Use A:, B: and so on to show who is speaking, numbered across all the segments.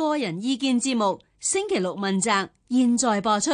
A: 個人意見節目星期六問責，現在播出，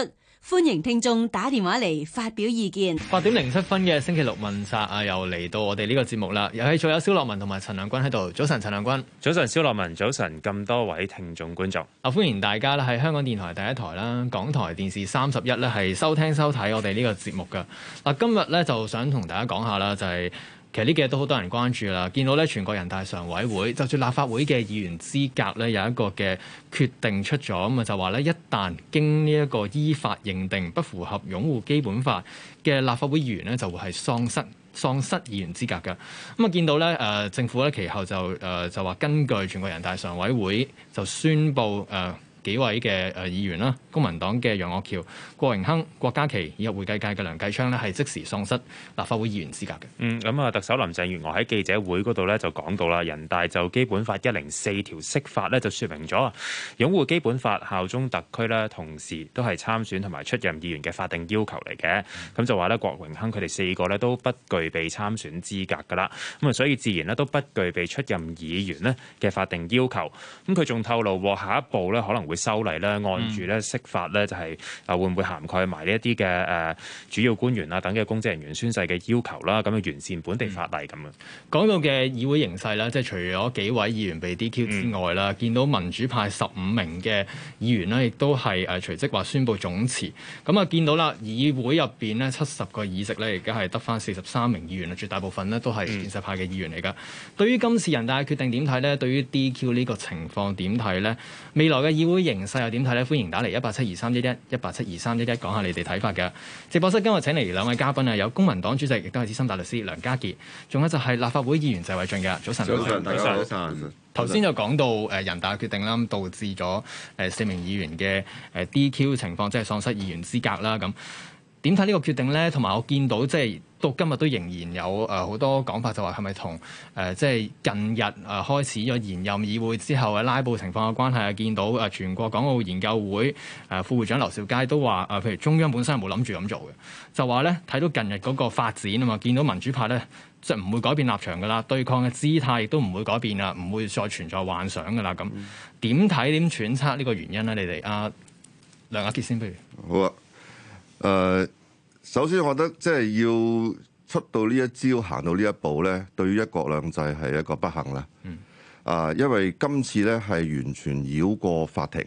A: 歡迎聽眾打電話嚟發表意見。
B: 八點零七分嘅星期六問責啊，又嚟到我哋呢個節目啦。又係仲有蕭樂文同埋陳亮君喺度。早晨，陳亮君。早晨，蕭樂文。早晨，咁多位聽眾觀眾啊，歡迎大家咧喺香港電台第一台啦，港台電視三十一咧係收聽收睇我哋呢個節目噶。嗱，今日咧就想同大家講下啦，就係、是。其實呢幾日都好多人關注啦，見到咧全國人大常委會就住立法會嘅議員資格咧有一個嘅決定出咗，咁啊就話咧一旦經呢一個依法認定不符合擁護基本法嘅立法會議員咧就會係喪失喪失議員資格嘅。咁啊見到咧誒、呃、政府咧其後就誒、呃、就話根據全國人大常委會就宣布誒。呃幾位嘅誒議員啦，公民黨嘅楊岳橋、郭榮鏗、郭家麒，郭家麒以及會計界嘅梁繼昌呢，係即時喪失立法會議員資格
C: 嘅。嗯，咁啊，特首林鄭月娥喺記者會嗰度呢，就講到啦，人大就《基本法》一零四條釋法呢，就説明咗，擁護《基本法》效忠特區呢，同時都係參選同埋出任議員嘅法定要求嚟嘅。咁、嗯、就話呢，郭榮鏗佢哋四個呢，都不具備參選資格噶啦，咁啊所以自然呢，都不具備出任議員呢嘅法定要求。咁佢仲透露話，下一步呢，可能會。修例咧，按住咧，釋法咧，就係啊，會唔會涵蓋埋呢一啲嘅誒主要官員啊等嘅公職人員宣誓嘅要求啦？咁樣，完善本地法例咁樣講到嘅議會形勢啦，即係除咗幾位議員被 DQ 之外啦，嗯、見到民
B: 主派十五名嘅議員咧，亦都係誒隨即話宣布總辭，咁啊，見到啦，議會入邊咧，七十個議席咧，而家係得翻四十三名議員啊絕大部分咧都係建制派嘅議員嚟噶。嗯、對於今次人大決定點睇咧？對於 DQ 呢個情況點睇咧？未來嘅議會，形勢又點睇咧？歡迎打嚟一八七二三一一一八七二三一一，講下你哋睇法嘅。直播室今日請嚟兩位嘉賓啊，有公民黨主席，亦都係資深大律師梁家傑，仲有就係立法會議員謝偉俊嘅。早晨，早晨，大家早晨
D: 上。頭先就
B: 講到誒人大決定啦，導致咗誒四名議員嘅誒 DQ 情況，即係喪失議員資格啦。咁點睇呢個決定咧？同埋我見到即係，就是到今日都仍然有誒好多講法，就話係咪同誒即係近日誒開始咗延任議會之後嘅拉布情況嘅關係啊？見到誒全國港澳研究會誒副會長劉兆佳都話誒，譬如中央本身係冇諗住咁做嘅，就話咧睇到近日嗰個發展啊嘛，見到民主派咧即係唔會改變立場噶啦，對抗嘅姿態亦都唔會改變啦，唔會再存在幻想噶啦咁。點睇點揣測呢個原因咧？你哋啊，梁家傑先，不
E: 如好啊誒。首先，我覺得即係要出到呢一招、行到呢一步咧，對於一國兩制係一個不幸啦。啊、嗯，因為今次咧係完全繞過法庭、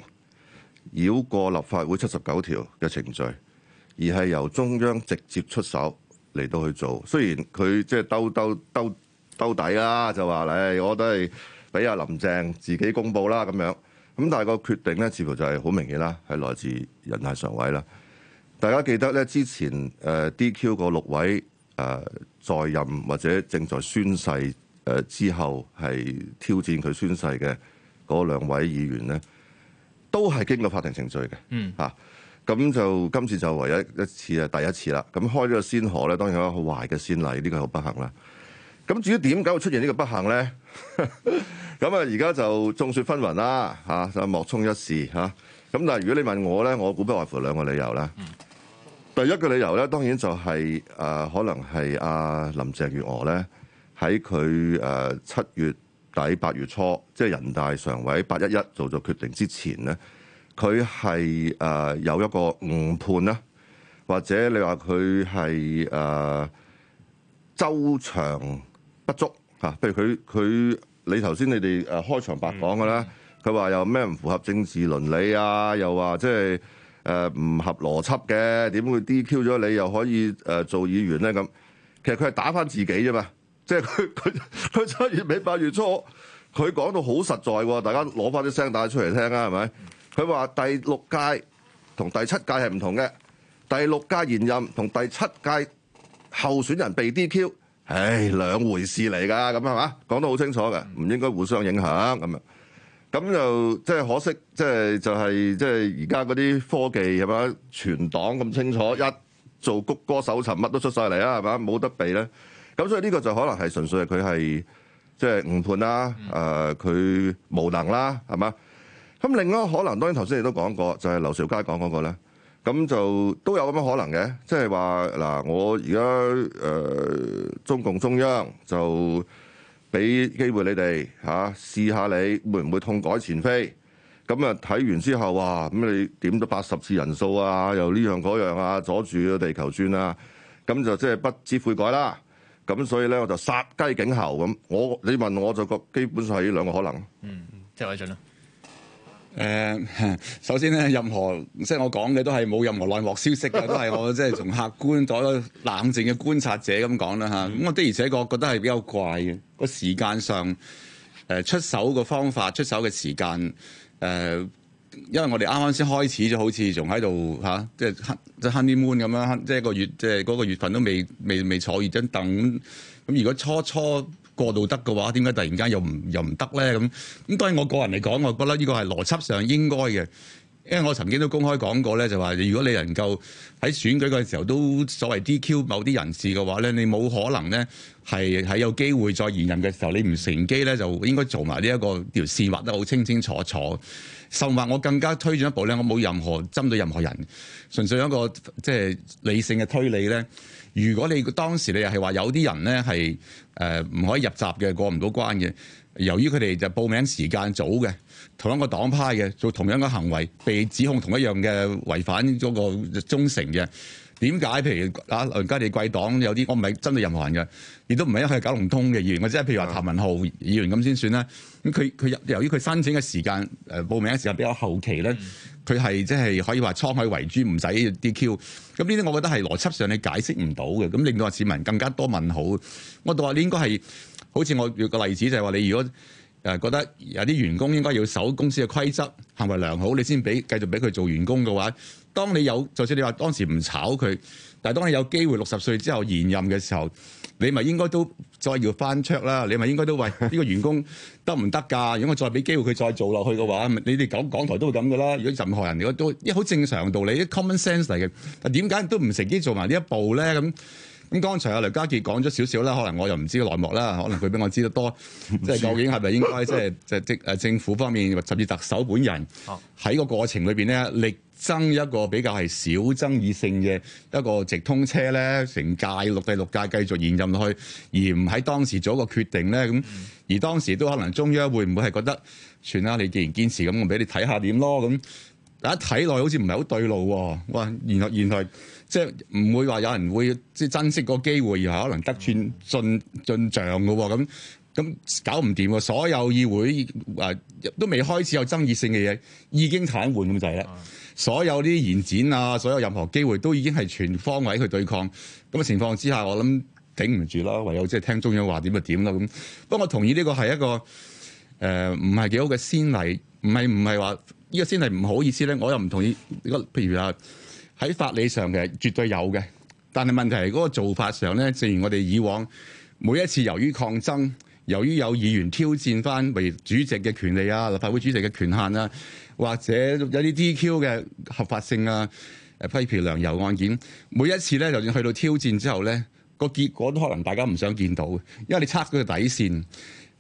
E: 繞過立法會七十九條嘅程序，而係由中央直接出手嚟到去做。雖然佢即係兜兜兜兜底啦，就話你、哎，我都係俾阿林鄭自己公布啦咁樣。咁但係個決定咧，似乎就係好明顯啦，係來自人大常委啦。大家記得咧，之前誒 DQ 嗰六位誒在任或者正在宣誓誒之後，係挑戰佢宣誓嘅嗰兩位議員咧，都係經過法庭程序嘅。嗯。嚇、啊，咁就今次就唯一一次啊，第一次啦。咁開咗個先河咧，當然有一個壞嘅先例，呢個好不幸啦。咁至於點解會出現呢個不幸咧？咁啊，而家就眾說紛紜啦。嚇、啊，就莫衷一是嚇。咁、啊、嗱，但如果你問我咧，我估不外乎兩個理由啦。嗯第一個理由咧，當然就係、是、誒、呃，可能係阿、啊、林鄭月娥咧喺佢誒七月底八月初，即係人大常委八一一做咗決定之前咧，佢係誒有一個誤判啦，或者你話佢係誒周長不足嚇，譬、啊、如佢佢你頭先你哋誒開場白講嘅啦，佢話有咩唔符合政治倫理啊，又話即係。誒唔，呃，合邏輯嘅點會 DQ 咗你又可以，呃，做議員咧咁？其實佢係打翻自己啫嘛，即係佢佢佢七月尾八月初佢講到好實在喎，大家攞翻啲聲帶出嚟聽啊，係咪？佢話第六屆同第七屆係唔同嘅，第六屆現任同第七屆候選人被 DQ，唉兩回事嚟㗎，咁係嘛？講得好清楚嘅，唔應該互相影響咁咁就即係，就是，可惜，即係就係即係而家嗰啲科技係嘛，全黨咁清楚，一做谷歌搜尋，乜都出晒嚟啦係咪？冇得避咧。咁所以呢個就可能係純粹係佢係即係誤判啦，誒、呃、佢無能啦，係嘛？咁另外可能，當然頭先你都講過，就係，是，劉兆佳講嗰，那個咧。咁就都有咁樣可能嘅，即係話嗱，我而家誒中共中央就，俾機會你哋嚇試下你會唔會痛改前非？咁啊睇完之後啊，咁你點都八十次人數啊，又呢樣嗰樣啊，阻住個地球轉啊，咁就即係不知悔改啦。咁所以咧，我就殺雞儆猴咁。我你問我，我就覺基本上係呢兩個可能。
B: 嗯，謝偉俊啦。
D: 誒、呃，首先咧，任何即係我講嘅都係冇任何內幕消息嘅，都係我即係從客觀、咗冷靜嘅觀察者咁講啦嚇。咁、啊 嗯、我的而且確覺得係比較怪嘅個時間上，誒、呃、出手嘅方法、出手嘅時間，誒、呃，因為我哋啱啱先開始了，就好似仲喺度嚇，即係 Honey Moon 咁樣，即係一個月，即係嗰月份都未未未坐完張凳咁。咁如果初初過度得嘅話，點解突然間又唔又唔得咧？咁咁當然，我個人嚟講，我覺得呢個係邏輯上應該嘅，因為我曾經都公開講過咧，就話如果你能夠喺選舉嘅時候都所謂 DQ 某啲人士嘅話咧，你冇可能咧係喺有機會再連任嘅時候，你唔乘機咧，就應該做埋呢一個條線畫得好清清楚楚。甚或我更加推進一步咧，我冇任何針對任何人，純粹有一個即係、就是、理性嘅推理咧。如果你當時你又係話有啲人咧係誒唔可以入閘嘅、過唔到關嘅，由於佢哋就報名時間早嘅，同一個黨派嘅做同樣嘅行為，被指控同一樣嘅違反咗個忠誠嘅。點解？譬如啊，而家你貴黨有啲，我唔係針對任何人嘅，亦都唔係因為九龍東嘅議員，我即係譬如話譚文豪議員咁先算啦。咁佢佢由於佢申請嘅時間，誒報名嘅時候比較後期咧，佢係即係可以話滄海遺珠，唔使 DQ。咁呢啲我覺得係邏輯上你解釋唔到嘅，咁令到市民更加多問號。我都話你應該係好似我個例子就係話，你如果誒覺得有啲員工應該要守公司嘅規則，行為良好，你先俾繼續俾佢做員工嘅話。當你有，就算你話當時唔炒佢，但係當你有機會六十歲之後現任嘅時候，你咪應該都再要翻 check 啦。你咪應該都話呢個員工得唔得㗎？如果我再俾機會佢再做落去嘅話，你哋講港台都會咁㗎啦。如果任何人，如果都一好正常道理，一 common sense 嚟嘅，但點解都唔乘機做埋呢一步咧？咁。咁剛才阿梁家傑講咗少少啦，可能我又唔知內幕啦，可能佢比我知得多，即係究竟係咪應該即係即政政府方面，甚至特首本人喺個過程裏邊咧，力爭一個比較係小爭議性嘅一個直通車咧，成屆六第六屆繼續延任落去，而唔喺當時做一個決定咧，咁、嗯、而當時都可能中央會唔會係覺得，算啦，你既然堅持咁，我俾你睇下點咯咁，大家睇落好似唔係好對路喎，哇，原來原來。即係唔會話有人會即係珍惜個機會，而係可能得寸進進尺嘅喎。咁咁搞唔掂喎。所有議會誒、啊、都未開始有爭議性嘅嘢，已經癱瘓咁就係啦。嗯、所有啲延展啊，所有任何機會都已經係全方位去對抗。咁嘅情況之下，我諗頂唔住啦，唯有即係聽中央話點就點啦。咁不過我同意呢個係一個誒唔係幾好嘅先例，唔係唔係話呢個先例唔好意思咧。我又唔同意。譬如話。喺法理上嘅絕對有嘅，但係問題係嗰個做法上咧，正如我哋以往每一次由於抗爭，由於有議員挑戰翻主席嘅權利啊、立法會主席嘅權限啊，或者有啲 DQ 嘅合法性啊、譬如梁游案件，每一次咧就算去到挑戰之後咧，嗰個結果都可能大家唔想見到，因為你測佢底線。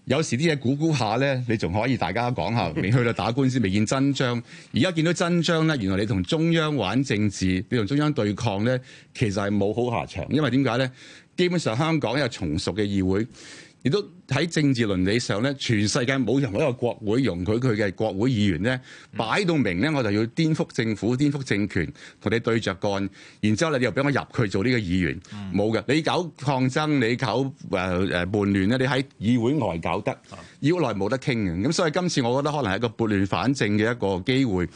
D: 有時啲嘢估估下咧，你仲可以大家講下。未去到打官司，未見真章。而家見到真章咧，原來你同中央玩政治，你同中央對抗咧，其實係冇好下場。因為點解咧？基本上香港有從屬嘅議會。亦都喺政治倫理上咧，全世界冇任何一個國會容許佢嘅國會議員咧擺到明咧，我就要顛覆政府、顛覆政權，同你對著幹。然之後你又俾我入去做呢個議員，冇嘅。你搞抗爭，你搞誒誒、呃呃、叛亂咧，你喺議會外搞得，議會內冇得傾嘅。咁所以今次我覺得可能係一個撥亂反正嘅一個機會。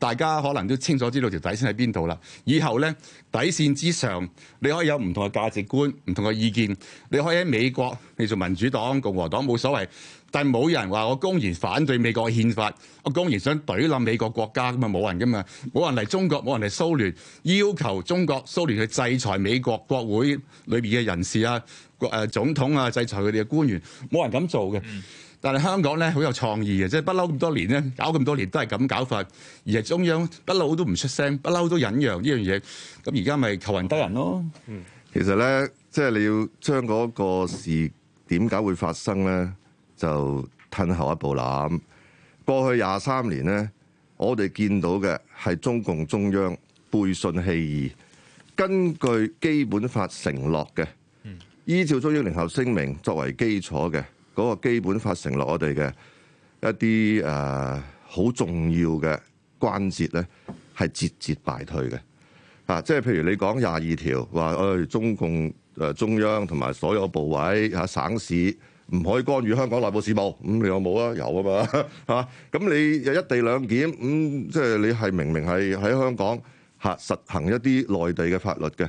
D: 大家可能都清楚知道條底線喺邊度啦。以後呢，底線之上，你可以有唔同嘅價值觀、唔同嘅意見。你可以喺美國，你做民主黨、共和黨冇所謂。但係冇人話我公然反對美國憲法，我公然想推冧美國國家咁嘛，冇人噶嘛，冇人嚟中國，冇人嚟蘇聯，要求中國、蘇聯去制裁美國國會裏面嘅人士啊、國誒、呃、總統啊，制裁佢哋嘅官員，冇人咁做嘅。嗯但係香港咧好有創意嘅，即係不嬲咁多年咧，搞咁多年都係咁搞法，而係中央不嬲都唔出聲，不嬲都忍讓呢樣嘢。咁而家咪
E: 求仁得仁咯。嗯、其實咧，即係你要將嗰個事點解會發生咧，就褪後一步諗。過去廿三年咧，我哋見到嘅係中共中央背信棄義，根據基本法承諾嘅，依照中英聯合聲明作為基礎嘅。嗰個基本法承諾我哋嘅一啲誒好重要嘅關節咧，係節節敗退嘅嚇、啊。即係譬如你講廿二條話，誒、哎、中共誒、呃、中央同埋所有部委嚇、啊、省市唔可以干預香港內部事務，咁你有冇啊？有啊嘛，係咁你有一地兩檢咁、嗯，即係你係明明係喺香港嚇實行一啲內地嘅法律嘅。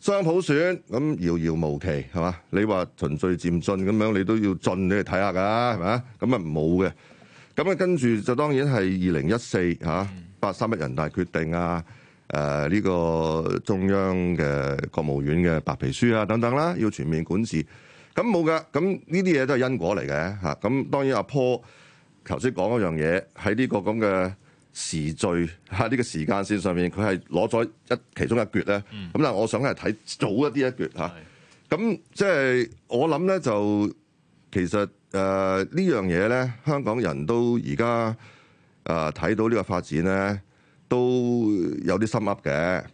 E: 雙普選咁遙遙無期係嘛？你話循序漸進咁樣，你都要進你去睇下㗎係咪？咁啊冇嘅。咁啊跟住就當然係二零一四嚇八三一人大決定啊，誒、啊、呢、呢個中央嘅國務院嘅白皮書啊等等啦、啊，要全面管治。咁冇㗎。咁呢啲嘢都係因果嚟嘅嚇。咁當然阿 Paul 頭先講嗰樣嘢喺呢個咁嘅。時序嚇呢個時間線上面，佢係攞咗一其中一橛咧。咁、嗯、但係我想係睇早一啲一橛嚇。咁是的 即係我諗咧，就其實誒、呃、呢樣嘢咧，香港人都而家誒睇到呢個發展咧，都有啲心噏嘅。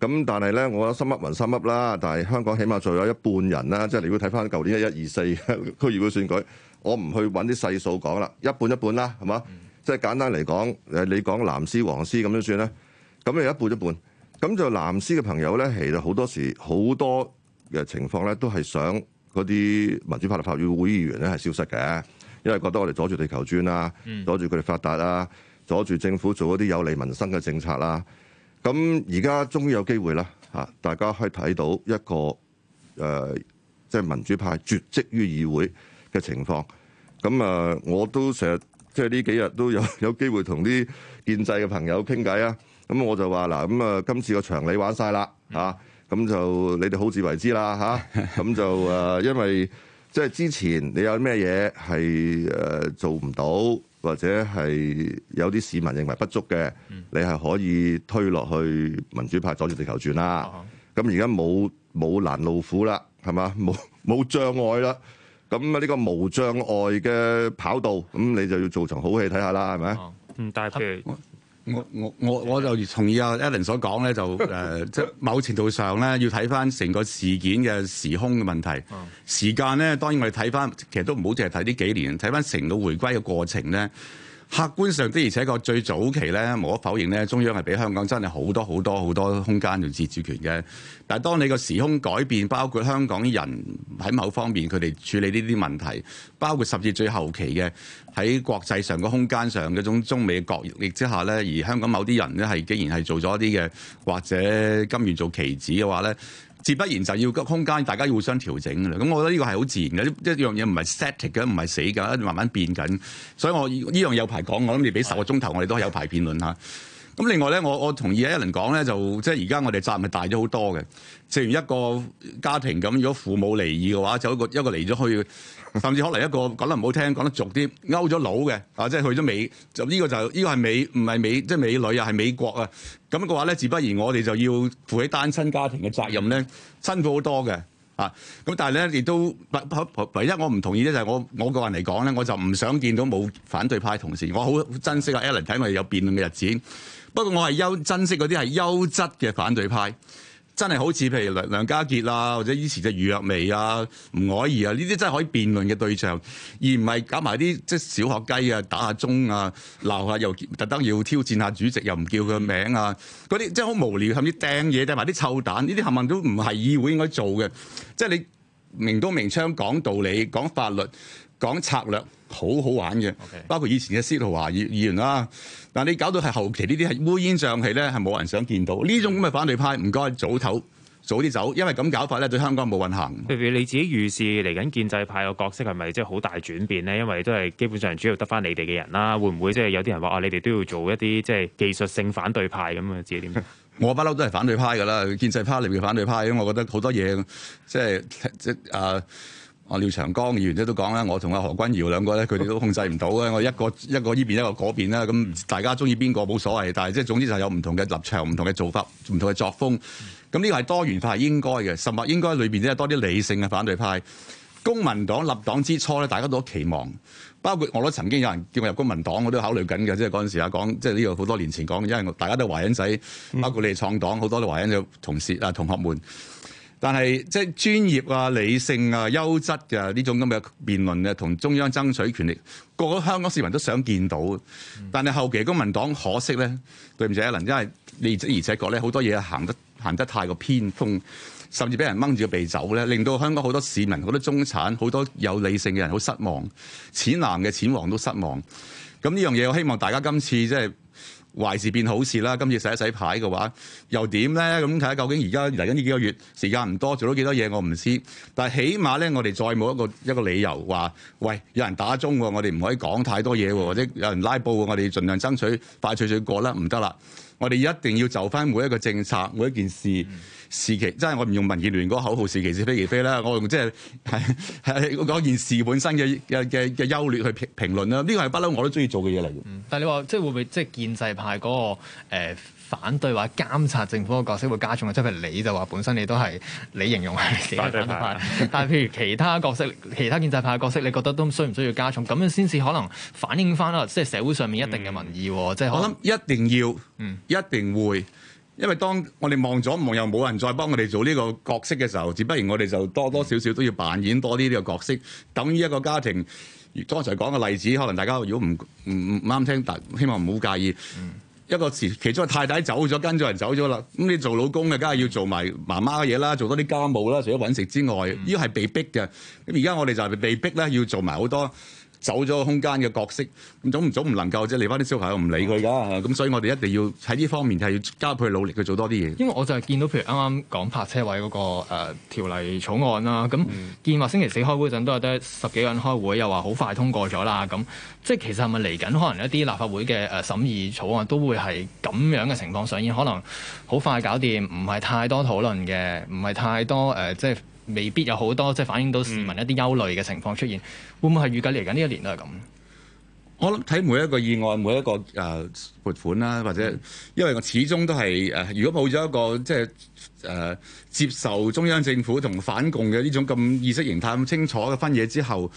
E: 咁但係咧，我心噏還心噏啦。但係香港起碼仲有一半人啦，嗯、即係你如果睇翻舊年一一二四區議會選舉，我唔去揾啲細數講啦，一半一半啦，係嘛？嗯即係簡單嚟講，誒你講藍絲黃絲咁樣算咧，咁又一半一半，咁就藍絲嘅朋友咧，其實好多時好多嘅情況咧，都係想嗰啲民主派立法會議員咧係消失嘅，因為覺得我哋阻住地球轉啦，阻住佢哋發達啦，阻住政府做一啲有利民生嘅政策啦。咁而家終於有機會啦，嚇大家可以睇到一個誒，即、呃、係、就是、民主派絕跡於議會嘅情況。咁啊，我都成日。即係呢幾日都有有機會同啲建制嘅朋友傾偈啊！咁我就話嗱，咁啊今次個場玩、嗯、你玩晒啦嚇，咁就你哋好自為之啦嚇。咁就誒，因為即係之前你有咩嘢係誒做唔到，或者係有啲市民認為不足嘅，你係可以推落去民主派阻住地球轉啦。咁而家冇冇攔路虎啦，係嘛？冇冇障礙啦。咁啊！呢個無障礙嘅跑道，咁你就要做成好戲睇下啦，係咪？嗯，但
C: 係譬如
E: 我我我我就同意啊，Alan 所講咧，就、 呃、即某
D: 程度上咧，要睇翻成個事件嘅時空嘅問題。嗯、時間咧，當然我哋睇翻，其實都唔好淨係睇呢幾年，睇翻成個回歸嘅過程咧。客觀上的，而且個最早期咧，無可否認咧，中央係俾香港真係好多好多好多空間同自主權嘅。但係當你個時空改變，包括香港人喺某方面佢哋處理呢啲問題，包括甚至最後期嘅喺國際上個空間上嗰種中美角力之下咧，而香港某啲人咧係竟然係做咗啲嘅，或者甘願做棋子嘅話咧。自不然就要空間，大家要互相調整嘅啦。咁我覺得呢個係好自然嘅，一樣嘢唔係 static 嘅，唔係死㗎，慢慢變緊。所以我依樣有排講，我諗你俾十個鐘頭，我哋都有排辯論吓。咁另外咧，我我同意 Alan 講咧，就即係而家我哋責任係大咗好多嘅。正如一個家庭咁，如果父母離異嘅話，就一個一個離咗去，甚至可能一個講得唔好聽，講得俗啲，勾咗佬嘅啊，即係去咗美，就呢個就呢個係美，唔係美，即係美女又係美國啊。咁嘅話咧，自不然我哋就要負起單親家庭嘅責任咧，辛苦好多嘅啊。咁但係咧，亦都唯一我唔同意咧，就係我我個人嚟講咧，我就唔想見到冇反對派同事，我好珍惜啊 Alan 睇埋有辯論嘅日子。不過我係優珍惜嗰啲係優質嘅反對派，真係好似譬如梁梁家傑啊，或者以前嘅余若薇啊、吳凱怡啊，呢啲真係可以辯論嘅對象，而唔係搞埋啲即係小學雞啊，打下鐘啊，鬧下又特登要挑戰下主席又唔叫佢名啊，嗰啲真係好無聊，甚至掟嘢掟埋啲臭蛋，呢啲冚唪唥都唔係議會應該做嘅，即係你明刀明槍講道理、講法律、講策略。好好玩嘅，Okay. 包括以前嘅司徒華議員啦。但係你搞到係後期呢啲係烏煙瘴氣咧，係冇人想見到呢種咁嘅反對派，唔該早走早啲走，因為咁搞法咧對香港冇運行。譬如你自己
C: 預示嚟緊建制派個角色係咪即係好大轉變咧？因為都係基本上主要得翻你哋嘅人啦。會唔會即係有啲人話啊？你哋
D: 都要做一啲即係技術性反對派咁啊？自己知點？ 我不嬲都係反對派㗎啦，建制派裏面嘅反對派，我覺得好多嘢即係即係、啊廖長江議員咧都講啦，我同阿何君堯兩個咧，佢哋都控制唔到嘅。嗯、我一個一個依邊一個嗰邊啦，咁大家中意邊個冇所謂，但係即係總之就係有唔同嘅立場、唔同嘅做法、唔同嘅作風。咁呢個係多元化係應該嘅，甚至應該裏邊咧多啲理性嘅反對派。公民黨立黨之初咧，大家都有期望，包括我都曾經有人叫我入公民黨，我都考慮緊嘅。即係嗰陣時啊，講即係呢個好多年前講，因為大家都華人仔，包括你哋創黨好多都華人嘅同事啊同學們。但係即係專業啊、理性啊、優質嘅、啊、呢種咁嘅辯論啊同中央爭取權力，個個香港市民都想見到。但係後期公民黨可惜咧，嗯、對唔住阿林，Ellen，因為你而且而且講咧，好多嘢行得行得太過偏鋒，甚至俾人掹住個鼻走咧，令到香港好多市民、好多中產、好多有理性嘅人好失望，淺藍嘅、淺黃都失望。咁呢樣嘢，我希望大家今次即係。壞事變好事啦！今次洗一洗牌嘅話，又點咧？咁睇下究竟而家嚟緊呢幾個月時間唔多，做咗幾多嘢我唔知。但係起碼咧，我哋再冇一個一個理由話，喂，有人打鐘喎，我哋唔可以講太多嘢喎，或者有人拉布喎，我哋盡量爭取快脆脆過啦，唔得啦。我哋一定要就翻每一個政策、每一件事事、嗯、期，即係我唔用民建聯嗰個口號，是其是，非其非啦。我用即係係係嗰件事本身嘅嘅嘅優劣去評評論啦。呢個係不嬲我都中意做嘅嘢嚟嘅。
B: 但係你話即係會唔會即係建制派嗰、嗰個、呃反對或監察政府嘅角色會加重，即係你就話本身你都係你形容係自己反對派、啊、但係譬如其他角色、 其他建制派嘅角色，你覺得都需唔需要加重？咁樣先至可能反映翻啊，即係社會上面一定嘅民意。嗯、
D: 即係我諗一定要，嗯，一定會，嗯、因為當我哋望左望右冇人再幫我哋做呢個角色嘅時候，只不然我哋就多多少少都要扮演多啲呢個角色。等於一個家庭，剛才講嘅例子，可能大家如果唔唔啱聽，但希望唔好介意。嗯。一個詞，其中個太太走咗，跟住人走咗啦。咁你做老公嘅，梗係要做埋媽媽嘅嘢啦，做多啲家務啦，除咗搵食之外，呢個係被逼嘅。咁而家我哋就係被逼呢，要做埋好多。走咗個空間嘅角色，咁總唔總唔能夠即係離翻啲消費者唔理佢㗎，咁、嗯、所以我哋一定要喺呢方面係要加倍努力去做多啲嘢。
B: 因為我就係見到，譬如啱啱講泊車位嗰、那個誒、呃、條例草案啦、啊，咁、嗯、見話星期四開會陣都有得十幾個人開會，又話好快通過咗啦，咁即係其實係咪嚟緊？可能一啲立法會嘅誒、呃、審議草案都會係咁樣嘅情況上演，可能好快搞掂，唔係太多討論嘅，唔係太多誒、呃，即係。未必有好多即係反映到市民一啲憂慮嘅情況出現，嗯、會唔會係預計嚟緊呢一年都係咁？
D: 我諗睇每一個議案，每一個誒、呃、撥款啦，或者、嗯、因為我始終都係，誒、呃，如果冇咗一個即係誒接受中央政府同反共嘅呢種咁意識形態咁清楚嘅分野之後，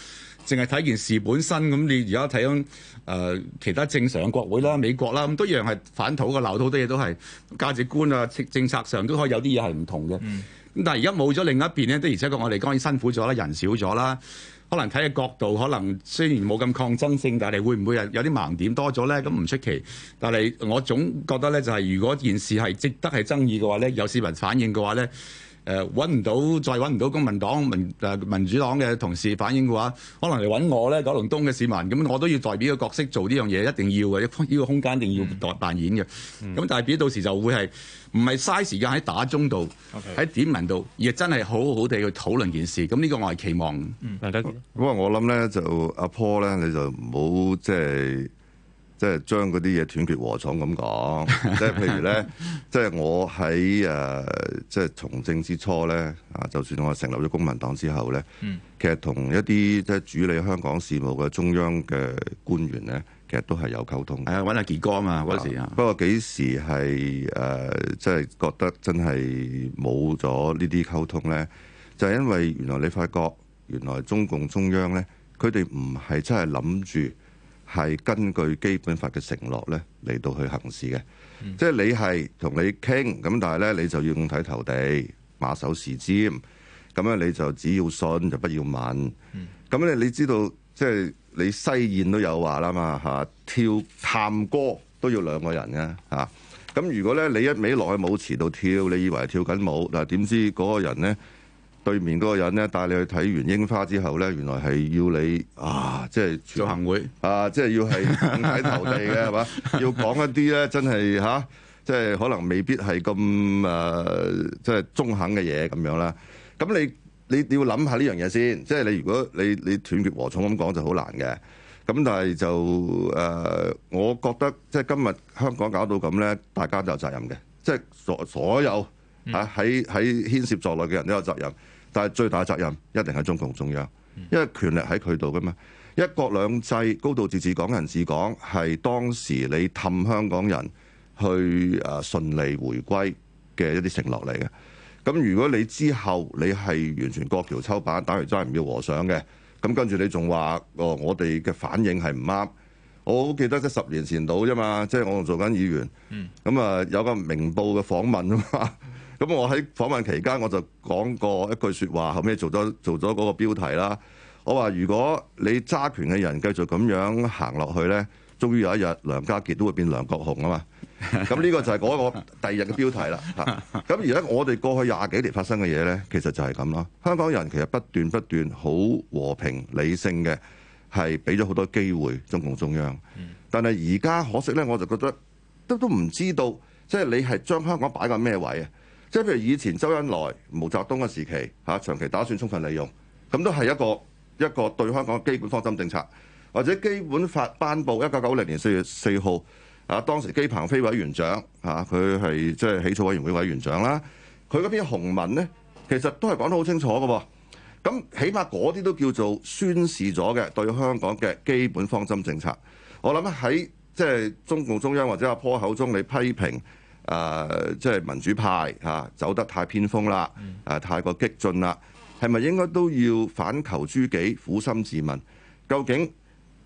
D: 淨係睇件事本身咁，你而家睇緊誒其他正常嘅國會啦、美國啦，咁都一樣係反討嘅鬧到好多嘢都係價值觀啊、政策上都可以有啲嘢係唔同嘅。嗯但係而家冇咗另一邊咧，的而且確我哋當然辛苦咗啦，人少咗啦，可能睇嘅角度可能雖然冇咁抗爭性，但係會唔會係有啲盲點多咗咧？咁唔出奇，但係我總覺得咧，就係如果件事係值得係爭議嘅話咧，有市民反映嘅話咧，誒揾唔到，再揾唔到公民黨、民誒、呃、民主黨嘅同事反映嘅話，可能你揾我咧，九龍東嘅市民，咁我都要代表嘅角色做呢樣嘢，一定要嘅，呢個空間一定要代扮演嘅。咁代表到時就會係唔係嘥時間喺打鐘度，喺、嗯 okay、
E: 點名度，
D: 而係真係好，好好地去討論件事。咁呢
E: 個我係期望。唔該、嗯。不過我諗咧，就阿 Paul 咧，你就唔好即係。即係將嗰啲嘢斷絕和廠咁講，即係譬如咧，即係我喺誒，即係從政之初咧，啊，就算我成立咗公民黨之後咧，嗯、其實同一啲即係主理香港事務嘅中央嘅官員咧，其實都係有溝通。係揾阿傑哥啊嘛嗰時啊。不過幾時係誒，即係覺得真係冇咗呢啲溝通咧，就係、是、因為原來你發覺原來中共中央咧，佢哋唔係真係諗住。係根據基本法嘅承諾呢嚟到去行事嘅，嗯、即係你係同你傾咁，但係呢，你就要五體投地、馬首是瞻，咁樣你就只要信就不要問。咁你、嗯、你知道即係你西諺都有話啦嘛嚇、啊，跳探戈都要兩個人嘅、啊、嚇。咁、啊、如果呢，你一味落去舞池度跳，你以為跳緊舞，但係點知嗰個人呢？對面嗰個人咧，帶你去睇完櫻花之後咧，原來係要你啊，即係進行會啊，即係要係五體投地嘅係嘛？要講一啲咧，真係吓，即係可能未必係咁誒，即係中肯嘅嘢咁樣啦。咁你你要諗下呢樣嘢先，即係你如果你你斷絕和蟲咁講就好難嘅。咁但係就誒、呃，我覺得即係今日香港搞到咁咧，大家都有責任嘅，即係所所有嚇喺喺牽涉在內嘅人都有責任。但係最大責任一定係中共中央，因為權力喺佢度㗎嘛。一國兩制、高度自治，港人治港，係當時你氹香港人去誒順利回歸嘅一啲承諾嚟嘅。咁如果你之後你係完全過橋抽板、打完齋唔要和尚嘅，咁跟住你仲話哦，我哋嘅反應係唔啱。我好記得即十年前到啫嘛，即係我仲做緊議員，咁啊有個明報嘅訪問啊嘛。咁我喺訪問期間我就講過一句說話，後尾做咗做咗嗰個標題啦。我話如果你揸權嘅人繼續咁樣行落去呢，終於有一日梁家傑都會變梁國雄啊嘛。咁呢 個就係嗰個第二日嘅標題啦。咁而家我哋過去廿幾年發生嘅嘢呢，其實就係咁啦。香港人其實不斷不斷好和平理性嘅，係俾咗好多機會中共中央。但係而家可惜呢，我就覺得都都唔知道，即係你係將香港擺喺咩位啊？即係譬如以前周恩來、毛澤東嘅時期，嚇、啊、長期打算充分利用，咁都係一個一個對香港嘅基本方針政策，或者基本法頒布一九九零年四月四號，啊當時姬鵬飛委員長，嚇佢係即係起草委員會委員長啦，佢嗰篇紅文咧，其實都係講得好清楚嘅，咁起碼嗰啲都叫做宣示咗嘅對香港嘅基本方針政策。我諗喺即係中共中央或者阿坡口中你批評。誒、呃，即係民主派嚇、啊、走得太偏鋒啦，誒、啊啊，太過激進啦，係咪應該都要反求諸己、苦心自問？究竟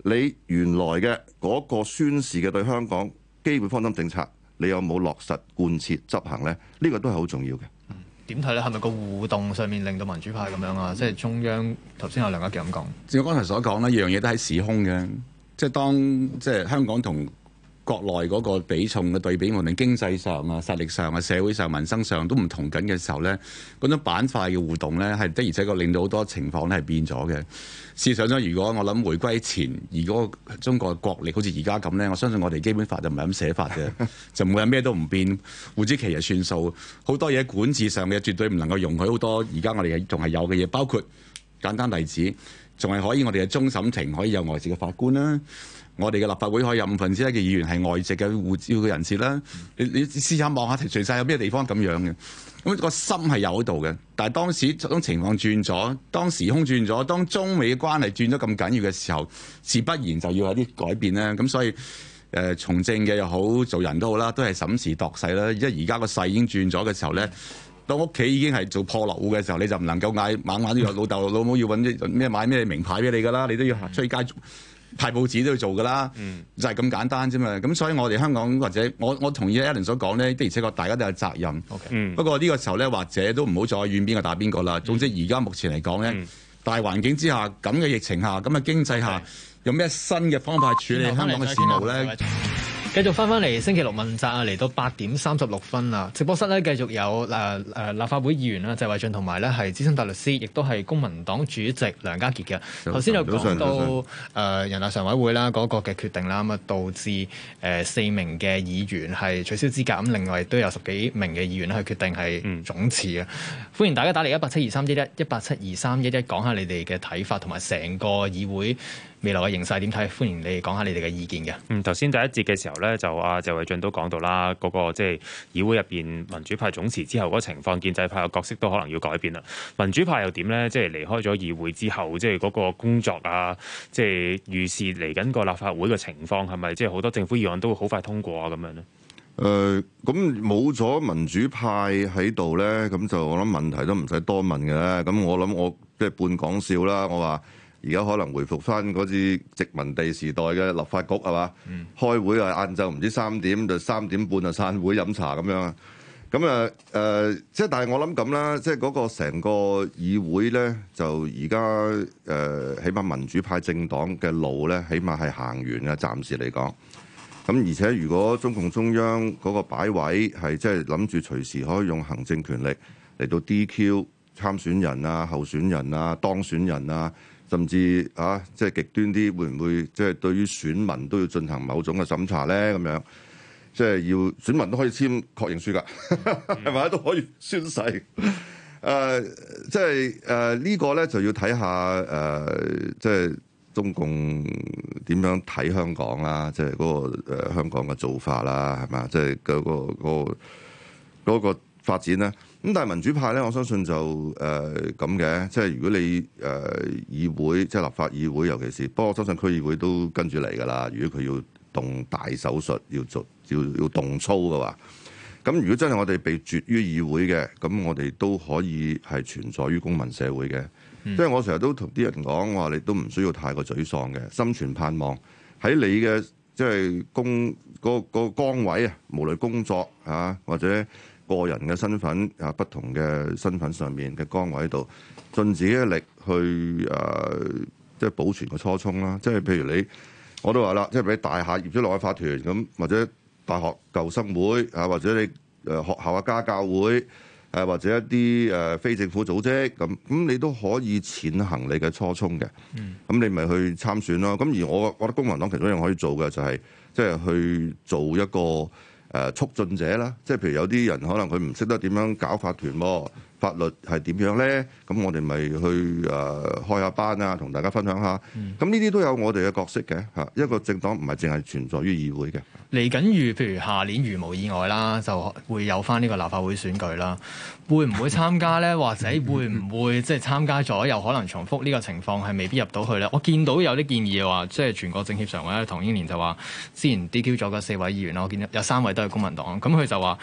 E: 你原來嘅嗰個宣示嘅對香港基本方針政策，你有冇落實貫徹執行呢？呢、呢個都係好重要嘅。
B: 點睇、嗯、呢？係咪個互動上面令到民主派咁樣啊？嗯、即係中央頭先有梁家傑咁講，
D: 照、嗯、我剛才所講咧，一樣嘢都喺時空嘅，即係當即係香港同。國內嗰個比重嘅對比，無論經濟上啊、實力上啊、社會上、民生上都唔同緊嘅時候呢，嗰種板塊嘅互動呢，係的而且確令到好多情況呢係變咗嘅。試想咗，如果我諗回歸前，如果中國國力好似而家咁呢，我相信我哋基本法就唔係咁寫法嘅，就冇有咩都唔變，胡資琪就算數，好多嘢管治上嘅絕對唔能夠容許好多而家我哋仲係有嘅嘢，包括簡單例子。仲係可以，我哋嘅終審庭可以有外籍嘅法官啦、啊；我哋嘅立法會可以有五分之一嘅議員係外籍嘅護照嘅人士啦、啊。你你試下望下，除曬有咩地方咁樣嘅？咁、那個心係有度嘅，但係當時種情況轉咗，當時空轉咗，當中美關係轉咗咁緊要嘅時候，自不然就要有啲改變啦、啊。咁所以誒、呃，從政嘅又好，做人都好啦，都係審時度勢啦。即係而家個勢已經轉咗嘅時候咧。到屋企已經係做破落戶嘅時候，你就唔能夠嗌晚晚都要 老豆老母要揾啲咩買咩名牌俾你噶啦，你都要出街派報紙都要做噶啦，嗯、就係咁簡單啫嘛。咁所以我哋香港或者我我同意 Alan 所講呢，的而且確大家都有責任。Okay. 不過呢個時候咧，或者都唔好再怨邊個打邊個啦。總之而家目前嚟講咧，嗯、大環境之下咁嘅疫情下，咁嘅經濟下，對有咩新嘅方法處理香港嘅事務咧？繼續
B: 返返嚟星期六問責啊，嚟到八點三十六分啦。直播室咧繼續有誒誒、呃呃、立法會議員啦，謝偉俊同埋咧係資深大律師，亦都係公民黨主席梁家傑嘅。頭先、嗯、又講到誒、嗯嗯嗯呃、人大常委會啦嗰、嗰個嘅決定啦，咁啊導致誒、呃、四名嘅議員係取消資格，咁另外都有十幾名嘅議員去決定係總辭啊，歡迎大家打嚟一八七二三一一一八七二三一一，講下你哋嘅睇法同埋成個議會。未來嘅形勢點睇？歡迎你哋講下你哋嘅意見嘅。嗯，
C: 頭先第一節嘅時候咧，就阿謝偉俊都講到啦，嗰、那個即係、就是、議會入邊民主派總辭之後嗰情況，建制派嘅角色都可能要改變啦。民主派又點咧？即、就、係、是、離開咗議會之後，即係嗰個工作啊，即係預先嚟緊個立法會嘅情況係咪即係好多政府議案都會好快通過啊？咁樣咧？
E: 誒、呃，咁冇咗民主派喺度咧，咁就我諗問題都唔使多問嘅。咁我諗我即係、就是、半講笑啦，我話。而家可能回復翻嗰支殖民地時代嘅立法局係嘛？是嗯、開會係晏晝唔知三點就三點半就散會飲茶咁樣啊。咁啊，誒、呃，即、就、係、是、但係我諗咁啦，即係嗰個成個議會咧，就而家誒，起碼民主派政黨嘅路咧，起碼係行完嘅，暫時嚟講。咁而且如果中共中央嗰個擺位係即係諗住隨時可以用行政權力嚟到 DQ 參選人啊、候選人啊、當選人啊。甚至啊，即係極端啲，會唔會即係對於選民都要進行某種嘅審查咧？咁樣即係要選民都可以簽確認書㗎，係咪、嗯、 都可以宣誓？即係誒呢個咧就要睇下誒，即係中共點樣睇香港啦？即係嗰個誒香港嘅做法啦，係嘛？即係嗰個嗰嗰個發展咧。咁但係民主派咧，我相信就誒咁嘅，即係如果你誒、呃、議會，即係立法議會，尤其是不過我相信區議會都跟住嚟噶啦。如果佢要動大手術，要做要要動粗嘅話，咁如果真係我哋被絕於議會嘅，咁我哋都可以係存在於公民社會嘅。嗯、即係我成日都同啲人講，我話你都唔需要太過沮喪嘅，心存盼望喺你嘅即係工嗰個、嗰個崗位啊，無論工作啊或者。個人嘅身份啊，不同嘅身份上面嘅崗位度，盡自己嘅力去誒、呃就是，即係保存個初衷啦。即係譬如你，我都話啦，即係譬如大廈入咗落去法團咁，或者大學舊生會啊，或者你誒學校啊、家教會誒，或者一啲誒非政府組織咁，咁你都可以踐行你嘅初衷嘅。嗯，咁你咪去參選咯。咁而我，我覺得公民黨其中一樣可以做嘅就係、是，即、就、係、是、去做一個，誒促進者啦，即係譬如有啲人可能佢唔識得點樣搞法團喎。法律係點樣咧？咁我哋咪去誒、呃、開下班啊，同大家分享下。咁呢啲都有我哋嘅角色嘅嚇。一個政黨唔係淨係存在於議會嘅。嚟緊
B: 如譬如下年如無意外啦，就會有翻呢個立法會選舉啦。會唔會參加咧？ 或者會唔會即係、就是、參加咗，又可能重複呢個情況係未必入到去咧？我見到有啲建議話，即係全國政協常委唐英年就話，之前 DQ 咗嘅四位議員我見到有三位都係公民黨，咁佢就話。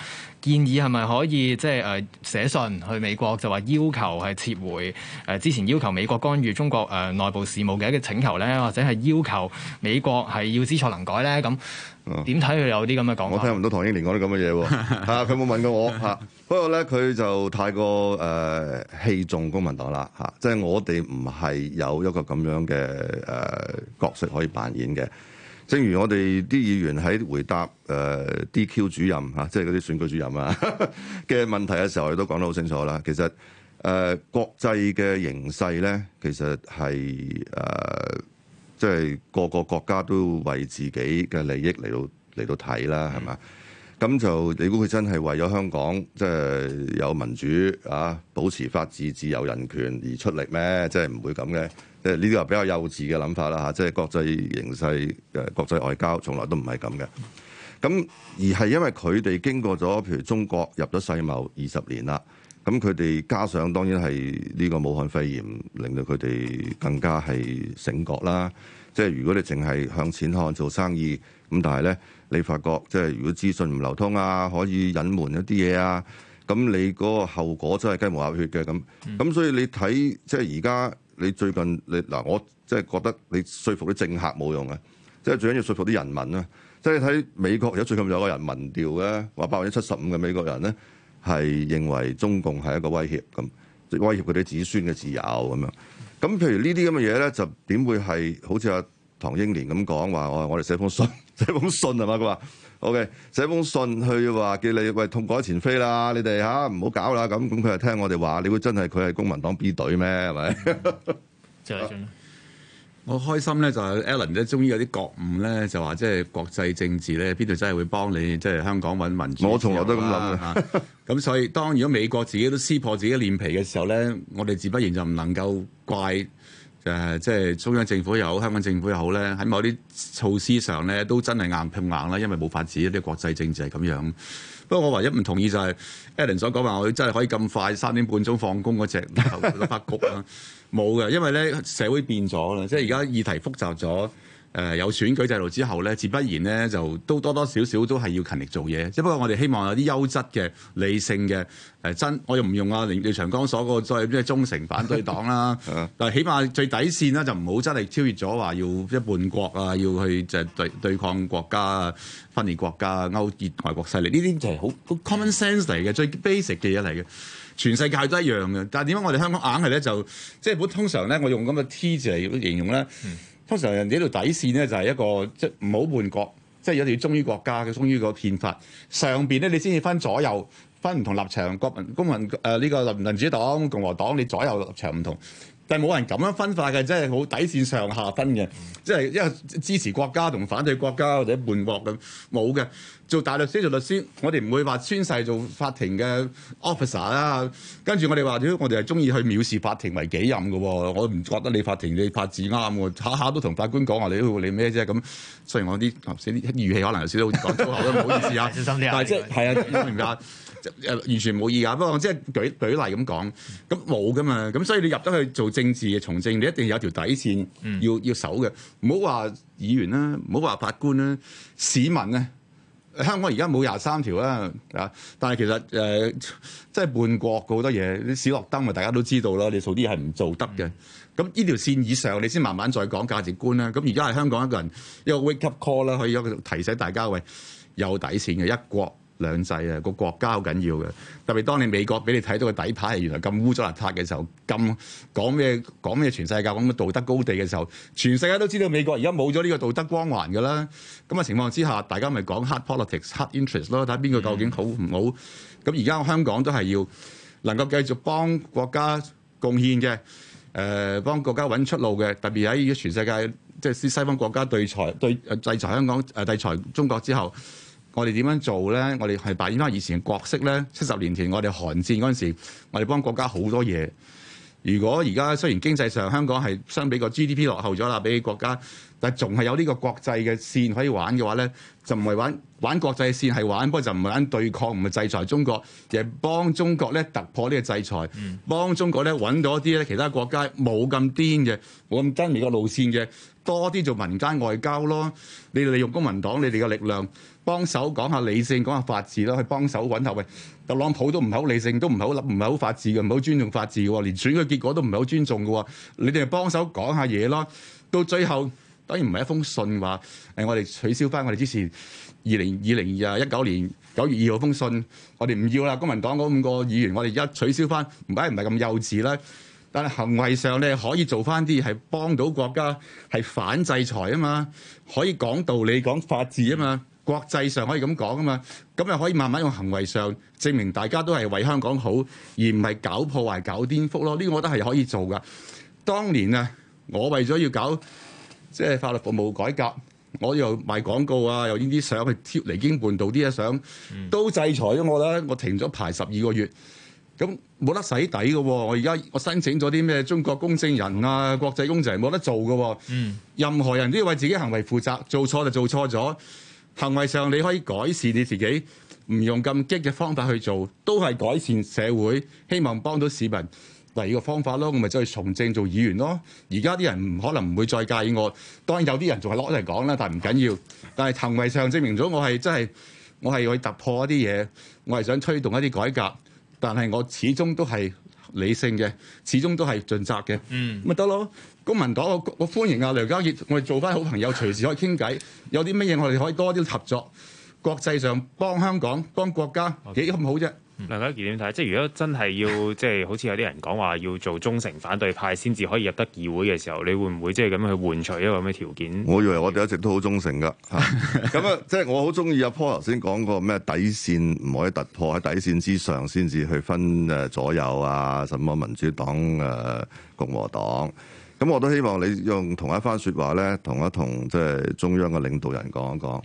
B: 建議係咪可以即係誒寫信去美國，就話要求係撤回誒之前要求美國干預中國誒內部事務嘅一個請求咧，或者係要求美國係要知錯能改咧？咁點睇佢有啲
E: 咁嘅講法？啊、我聽唔到唐英年講啲咁嘅嘢喎，佢冇、 啊、問過我嚇。不過咧，佢就太過誒器、呃、重公民黨啦嚇，即、啊、係、就是、我哋唔係有一個咁樣嘅誒、呃、角色可以扮演嘅。正如我哋啲議員喺回答誒 DQ 主任嚇，即係嗰啲選舉主任啊嘅問題嘅時候，佢都講得好清楚啦。其實誒、呃、國際嘅形勢咧，其實係誒即係各個國家都為自己嘅利益嚟到嚟到睇啦，係嘛？咁就你估佢真係為咗香港即係、就是、有民主啊，保持法治、自由、人權而出力咩？即係唔會咁嘅。即係呢啲比較幼稚嘅諗法啦嚇，即係國際形勢、誒國際外交，從來都唔係咁嘅。咁而係因為佢哋經過咗，譬如中國入咗世貿二十年啦，咁佢哋加上當然係呢個武漢肺炎，令到佢哋更加係醒覺啦。即係如果你淨係向錢看做生意，咁但係咧，你發覺即係如果資訊唔流通啊，可以隱瞞一啲嘢啊，咁你嗰個後果真係雞毛鴨血嘅咁。咁所以你睇即係而家。你最近你嗱，我即係覺得，你說服啲政客冇用嘅，即係最緊要説服啲人民啦。即係你睇美國有最近有個人民調嘅話，百分之七十五嘅美國人咧係認為中共係一個威脅，咁威脅佢哋子孫嘅自由咁樣。咁譬如呢啲咁嘅嘢咧，就點會係好似阿唐英年咁講話我我哋寫封信？寫封信係嘛？佢話，OK，寫封信去話叫你喂，痛改前非啦，你哋吓，唔好搞啦。咁咁佢又聽我哋話，你會真係佢係公民黨 B 隊咩？係咪？謝偉俊，
B: 就是、
D: 我開心咧就係、是、Alan 咧終於有啲覺悟咧，就話即係國際政治咧邊度真係會幫你，即係香港揾民主。我從來都咁諗嘅。咁吧 所以當如果美國自己都撕破自己嘅臉皮嘅時候咧，我哋自不然就唔能夠怪。誒，即係中央政府又好，香港政府又好咧，喺某啲措施上咧，都真係硬碰硬啦，因為冇法子，啲、這個、國際政治係咁樣。不過我唯一唔同意就係、是、 Alan 所講話，我真係可以咁快三點半鐘放工嗰隻頭髮焗啦，冇嘅， 因為咧社會變咗啦，即係而家議題複雜咗。誒、呃、有選舉制度之後咧，自不然咧就都多多少少都係要勤力做嘢。只不過我哋希望有啲優質嘅理性嘅真，我又唔用阿李，李長江所講嘅咩忠誠反對黨啦，啊。 但係起碼最底線啦，就唔好真係超越咗話要一叛國啊，要去就對，對，對抗國家分裂國家勾結外國勢力呢啲就係好 common sense 嚟嘅，最 basic 嘅嘢嚟嘅，全世界都一樣嘅。但係點解我哋香港硬係咧就即係通常咧，我用咁嘅 T 字嚟形容咧。嗯通常人哋呢度底線咧就係一個即係唔好叛國，即係有要忠於國家嘅，忠於個憲法上面咧，你先至分左右。分唔同立場，國民、公民誒呢、呃呢個民主黨、共和黨，你左右立場唔同，但係冇人咁樣分化嘅，真係好底線上下分嘅，即係因為支持國家同反對國家或者叛國咁冇嘅。做大律師做律師，我哋唔會話宣誓做法庭嘅 officer 啦。跟住我哋話，如果我哋係中意去藐視法庭為己任嘅，我唔覺得你法庭你法治啱喎，下下都同法官講話你你咩啫咁。雖然我啲頭先啲語氣可能有少少講粗口，都唔 好意思啊，小心啲啊。但啊，明白。誒完全冇意義，不過即係舉舉例咁講，咁冇噶嘛，咁所以你入得去做政治嘅從政，你一定有一條底線要要守嘅。唔好話議員啦，唔好話法官啦，市民咧，香港而家冇廿三條啦，啊，但係其實誒即係半國好多嘢，你史諾登咪大家都知道啦。你做啲係唔做得嘅，咁呢條線以上你先慢慢再講價值觀啦，咁而家係香港一個人一個 wake up call 啦，可以一個提醒大家喂有底線嘅一國。兩制啊，個國家好緊要嘅，特別當你美國俾你睇到個底牌係原來咁污糟邋遢嘅時候，咁講咩講咩全世界咁道德高地嘅時候，全世界都知道美國而家冇咗呢個道德光環㗎啦。咁啊情況之下，大家咪講 hard politics、hard interest 咯，睇下邊個究竟好唔好？咁而家香港都係要能夠繼續幫國家貢獻嘅，誒幫國家揾出路嘅，特別喺全世界即係西方國家對裁對制裁香港誒制裁中國之後。我哋點樣做咧？我哋係扮演翻以前嘅角色咧。七十年前我哋韓戰嗰陣時，我哋幫國家好多嘢。如果而家雖然經濟上香港係相比個 GDP 落後咗啦，畀國家。但係仲係有呢個國際嘅線可以玩嘅話咧，就唔係玩玩國際線係玩，不過就唔係玩對抗，唔係制裁中國，而係幫中國咧突破呢個制裁，幫中國咧揾到一啲咧其他國家冇咁癲嘅，冇咁爭議嘅路線嘅，多啲做民間外交咯。你哋利用公民黨你哋嘅力量，幫手講下理性，講下法治咯，去幫手揾下喂，特朗普都唔係好理性，都唔係好，唔係好法治嘅，唔係好尊重法治嘅，連選嘅結果都唔係好尊重嘅。你哋幫手講下嘢咯，到最後。當然唔係一封信話，誒，我哋取消翻我哋之前二零二零二啊一九年九月二號封信，我哋唔要啦。公民黨嗰五個議員，我哋一取消翻，唔該唔係咁幼稚啦。但係行為上咧，可以做翻啲係幫到國家，係反制裁啊嘛，可以講道理、講法治啊嘛，國際上可以咁講啊嘛，咁就可以慢慢用行為上證明大家都係為香港好，而唔係搞破壞、搞顛覆咯。呢個我覺得係可以做㗎。當年啊，我為咗要搞。即係法律服務改革，我又賣廣告啊，又呢啲貼離經叛道啲嘅相，嗯、都制裁咗我啦，我停咗排十二個月，咁冇得洗底嘅、哦。我而家我申請咗啲咩中國公證人啊、好國際公證人冇得做㗎、哦、嗯，任何人都要為自己行為負責，做錯就做錯咗。行為上你可以改善你自己，唔用咁激嘅方法去做，都係改善社會，希望幫到市民。第二個方法咯，我咪就去從政做議員咯。而家啲人唔可能唔會再介意我。當然有啲人仲係攞嚟講啦，但係唔緊要。但係行為上證明咗我係真係，我係去突破一啲嘢，我係想推動一啲改革。但係我始終都係理性嘅，始終都係盡責嘅。嗯，咪得咯。公民黨我我歡迎啊，梁家傑，我哋做翻好朋友，隨時可以傾偈。有啲乜嘢我哋可以多啲合作。國際上幫香港幫國家幾咁好啫。兩家嘅見點睇？即係、嗯、如果真係要即
C: 係好似有啲人講話要做忠誠反對派先至可以入得議會嘅時候，你會唔會即係咁樣去換
E: 取一個咩條件？我以為我哋一直都好忠誠㗎，嚇咁啊！即、就、係、是、我好中意阿 Paul 頭先講過咩底線，唔可以突破喺底線之上，先至去分誒左右啊。什麼民主黨誒、啊、共和黨？咁我都希望你用同一番説話咧，同一同即係中央嘅領導人講一講，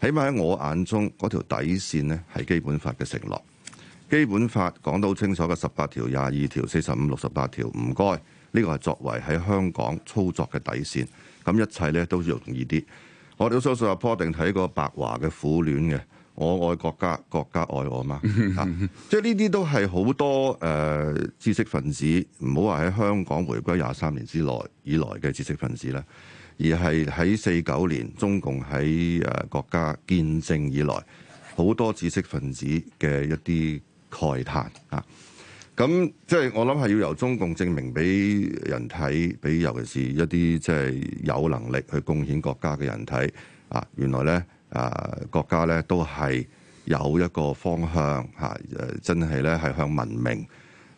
E: 起碼喺我眼中嗰條底線呢係基本法嘅承諾。基本法講到清楚嘅十八條、廿二條、四十五、六十八條。唔該，呢個係作為喺香港操作嘅底線，咁一切呢都容易啲。我哋都相信阿，坡定睇過白樺嘅苦戀嘅，我愛國家，國家愛我嘛，即係呢啲都係好多誒、呃、知識分子，唔好話喺香港回歸廿三年之內以來嘅知識分子啦，而係喺四九年中共喺誒國家建政以來，好多知識分子嘅一啲。慨嘆啊！咁即係我諗係要由中共證明俾人睇，俾尤其是一啲即係有能力去貢獻國家嘅人睇啊！原來咧啊，國家咧都係有一個方向嚇，誒、啊、真係咧係向文明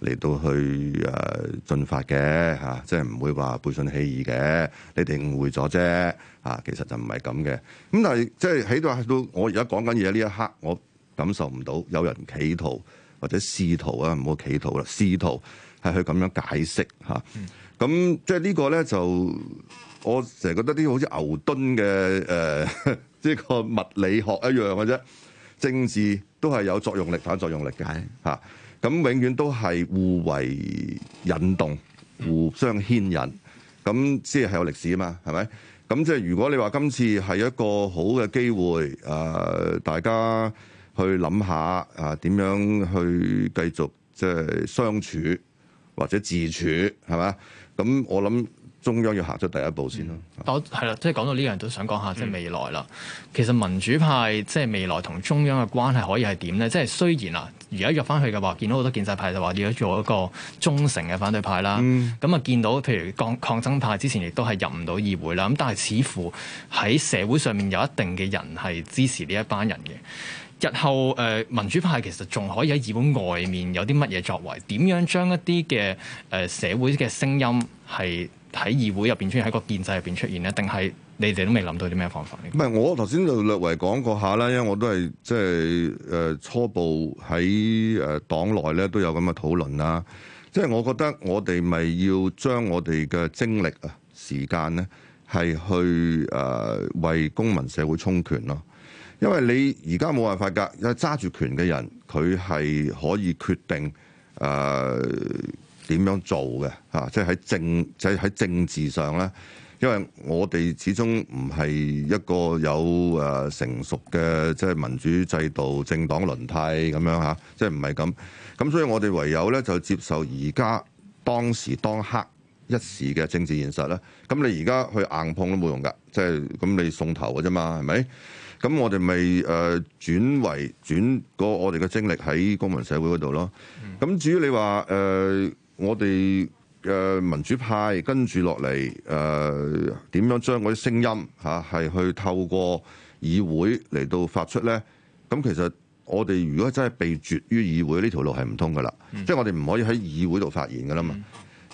E: 嚟到去誒、啊、進發嘅嚇，即係唔會話背信棄義嘅。你哋誤會咗啫啊！其實就唔係咁嘅。咁但係即係喺度都，到我而家講緊嘢呢一刻，我感受唔到有人企圖。或者試圖啊，唔好企圖啦。試圖係去咁樣解釋嚇。咁即係呢個咧，就，是、呢就我成日覺得啲好似牛頓嘅誒，即、呃、係、就是、個物理學一樣嘅啫。政治都係有作用力、反作用力嘅嚇。咁的、啊、永遠都係互為引動、互相牽引。咁即係係有歷史啊嘛，係咪？咁即係如果你話今次係一個好嘅機會，誒、呃，大家。去諗下啊，點樣去繼續即係、就是、相處或者自處，係嘛？咁我諗中央要行出第一步先咯。
B: 係啦、嗯，即係講到呢樣，都想講下即係未來啦。嗯嗯、其實民主派即係、就是、未來同中央嘅關係可以係點咧？即、就、係、是、雖然啊，而家約翻去嘅話，見到好多建制派就話要做一個忠誠嘅反對派啦。咁啊、嗯，就見到譬如抗抗爭派之前亦都係入唔到議會啦。咁但係似乎喺社會上面有一定嘅人係支持呢一班人嘅。日後誒、呃、民主派其實仲可以喺議會外面有啲乜嘢作為？點樣將一啲嘅誒社會嘅聲音係喺議會入邊，出現喺個建制入邊出現咧？定係你哋都未諗到啲咩方法咧？
E: 唔係，我頭先就略為講過一下啦，因為我都係即係誒初步喺誒、呃、黨內咧都有咁嘅討論啦。即、啊、係、就是、我覺得我哋咪要將我哋嘅精力啊時間咧係去誒、呃、為公民社會充權咯。因為你而家冇辦法噶，因為揸住權嘅人佢係可以決定誒點、呃、樣做嘅吓，即係喺政即係喺政治上咧。因為我哋始終唔係一個有誒成熟嘅即係民主制度，政黨輪替咁樣吓，即係唔係咁咁，咁所以我哋唯有咧就接受而家當時當刻一時嘅政治現實啦。咁你而家去硬碰都冇用噶，即係咁你送頭噶啫嘛，係咪？咁我哋咪誒轉為轉個我哋嘅精力喺公民社會嗰度咯。咁至於你話誒、呃、我哋誒民主派跟住落嚟誒點樣將嗰啲聲音吓係、啊、去透過議會嚟到發出咧？咁其實我哋如果真係被絕於議會，呢條路係唔通㗎啦，即係、嗯、我哋唔可以喺議會度發言㗎啦嘛。嗯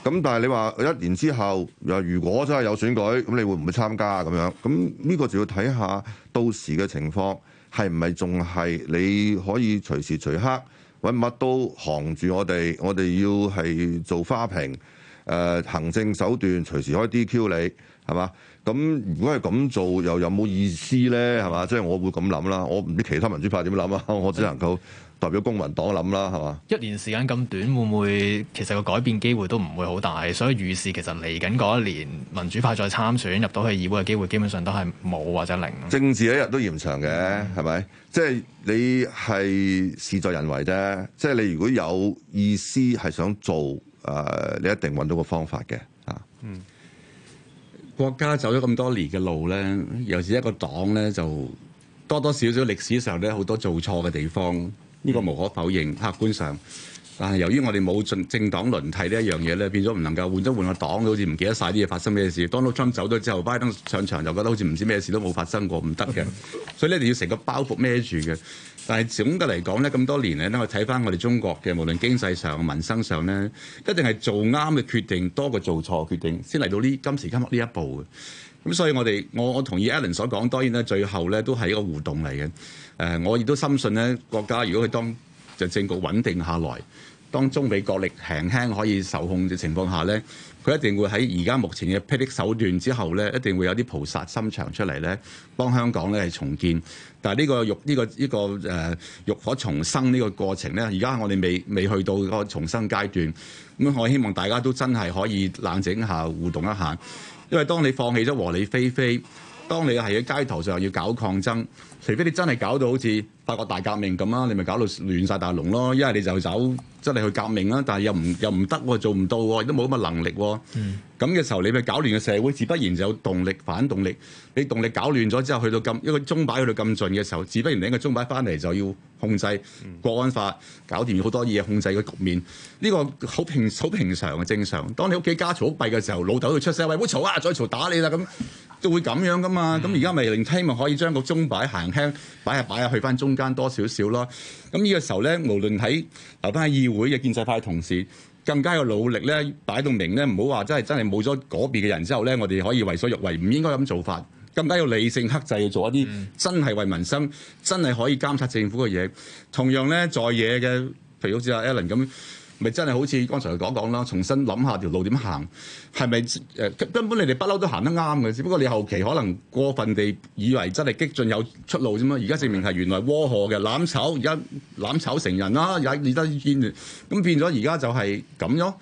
E: 咁但係你話一年之後，又如果真係有選舉，咁你會唔會參加咁樣？咁呢個就要睇下到時嘅情況係唔係仲係你可以隨時隨刻揾乜都行住我哋，我哋要係做花瓶、呃，行政手段隨時可以 DQ 你係嘛？咁如果係咁做，又有冇意思呢？係嘛？即係我會咁諗啦，我唔知其他民主派點諗啊，我只能夠。代表公民黨諗啦，係嘛？一
B: 年時間咁短，會唔會其實個改變機會都唔會好大？所以預示其實嚟緊嗰一年，民主派再參選入到去議會嘅機會，基本上都係冇或者零。
E: 政治一日都嫌長嘅，係咪？即係你係事在人為啫。即係你如果有意思係想做，誒，你一定揾到個方法嘅。嚇，
D: 嗯。國家走咗咁多年嘅路咧，尤其一個黨咧，就多多少少歷史上咧好多做錯嘅地方。嗯、呢個無可否認，客觀上，但係由於我哋冇政黨輪替呢一樣嘢咧，變咗唔能夠換咗換個黨，好似唔記得晒啲嘢發生咩事。 Donald Trump 走咗之後，拜登上場就覺得好似唔知咩事都冇發生過，唔得嘅。所以一定要成個包袱孭住嘅。但係總嘅嚟講咧，咁多年咧，我睇翻我哋中國嘅無論經濟上、民生上咧，一定係做啱嘅決定多過做錯決定，先嚟到呢今時今日呢一步嘅。咁所以我哋，我我同意 Alan 所講，當然咧，最後咧都係一個互動嚟嘅。誒、呃，我亦都深信咧，國家如果佢當政局穩定下來，當中美國力輕輕可以受控嘅情況下咧，佢一定會喺而家目前嘅霹靂手段之後咧，一定會有啲菩薩心腸出嚟咧，幫香港咧係重建。但係呢個欲呢、這個呢、這個誒浴、呃、火重生呢個過程咧，而家我哋未未去到個重生階段。咁我希望大家都真係可以冷靜下，互動一下。因為當你放棄咗和理非非，當你係喺街頭上要搞抗爭，除非，非你真係搞到好似法國大革命咁啦，你咪搞到亂晒大龍咯，一係你就走。即係去革命啦，但係又唔又唔得喎，做唔到喎，亦都冇咁嘅能力喎。咁嘅、嗯、時候，你咪搞亂個社會，自不然就有動力反動力。你動力搞亂咗之後去到咁一個鐘擺去到咁盡嘅時候，自不然你一個鐘擺翻嚟就要控制國安法，搞掂好多嘢，控制個局面。呢、這個好平好平常嘅正常。當你屋企家嘈好閉嘅時候，老豆都出聲喂，好嘈啊，再嘈打你啦咁，都會咁樣噶嘛。咁而家咪令聽咪可以將個鐘擺行輕擺下擺下去翻中間多少少咯。咁呢個時候咧，無論喺留翻喺會嘅建制派同時更加要努力咧，擺到明咧，唔好話真係真係冇咗嗰邊嘅人之後咧，我哋可以為所欲為，唔應該咁做法，更加要理性克制，做一啲真係為民生、真係可以監察政府嘅嘢。同樣咧，在野嘅，譬如好似阿 Alan 咁。咪真係好似剛才講講啦，重新諗下條路點行，係咪誒根本你哋不嬲都行得啱嘅，只不過你後期可能過分地以為真係激進有出路啫嘛，而家證明係原來窩賀嘅攬炒，而家攬炒成人啦、啊，而家見咁變咗，而家就係咁樣。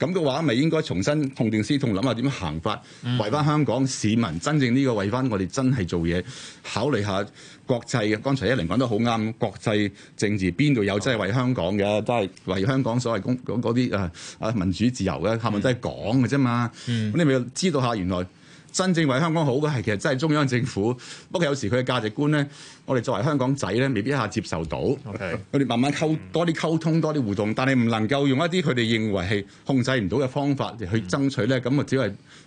D: 咁嘅話，咪應該重新痛定思痛，諗下點行法，為翻香港市民真正呢個，為翻我哋真係做嘢，考慮下國際嘅。剛才一零講得好啱，國際政治邊度有真係為香港嘅，都係為香港所謂公嗰啲誒啊民主自由嘅，係咪真係講嘅啫嘛。咁、嗯、你咪要知道下原來。真正為香港好嘅係，其實真係中央政府，不過有時佢嘅價值觀咧，我哋作為香港仔咧，未必一下接受到。我哋 Okay. 慢慢溝多啲溝通，多啲互動，但係唔能夠用一啲佢哋認為係控制唔到嘅方法去爭取咧，咁啊，只係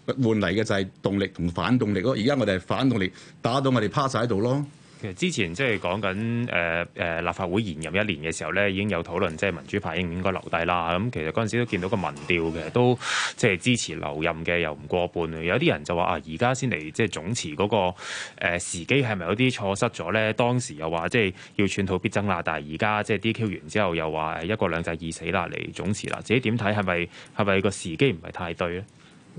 D: 換嚟嘅就係動力同反動力咯。而家我哋係反動力，動力打到我哋趴晒喺度咯。
C: 其實之前即係講緊誒誒立法會延任一年嘅時候咧，已經有討論即係民主派應唔應該留低啦。咁、嗯、其實嗰陣時都見到個民調嘅，都即係支持留任嘅又唔過半。有啲人就話啊，而家先嚟即係總辭嗰、那個誒、呃、時機係咪有啲錯失咗咧？當時又話即係要寸土必爭啦，但係而家即係 DQ 完之後又話一國兩制已死啦嚟總辭啦，自己點睇係咪係咪個時機唔係太對咧？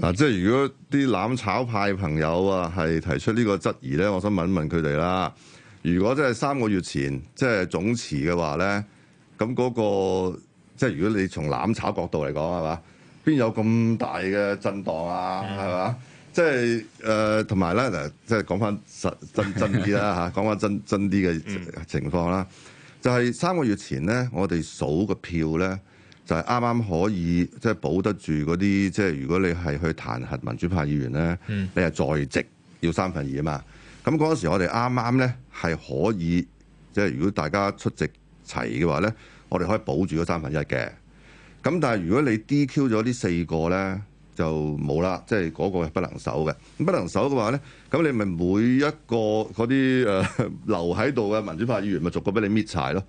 E: 嗱、啊，即係如果啲攬炒派朋友啊，係提出呢個質疑咧，我想問一問佢哋啦。如果真係三個月前，即係總辭嘅話咧，咁嗰、那個即係如果你從攬炒角度嚟講係嘛，邊有咁大嘅震盪啊？係嘛、嗯呃？即係誒，同埋咧，嗱，即係講翻實真真啲啦嚇，講翻真真啲嘅情況啦。嗯、就係三個月前咧，我哋數嘅票咧。就係啱啱可以即係保得住嗰啲，即係如果你係去彈劾民主派議員咧，你係在席要三分二啊嘛。咁嗰陣時我哋啱啱咧係可以，即係如果大家出席齊嘅話咧，我哋可以保住三分一嘅。咁但係如果你 DQ 咗呢四個咧，就冇啦。即係嗰個係不能守嘅，不能守嘅話咧，咁你咪每一個嗰啲誒留喺度嘅民主派議員咪逐個俾你搣曬咯。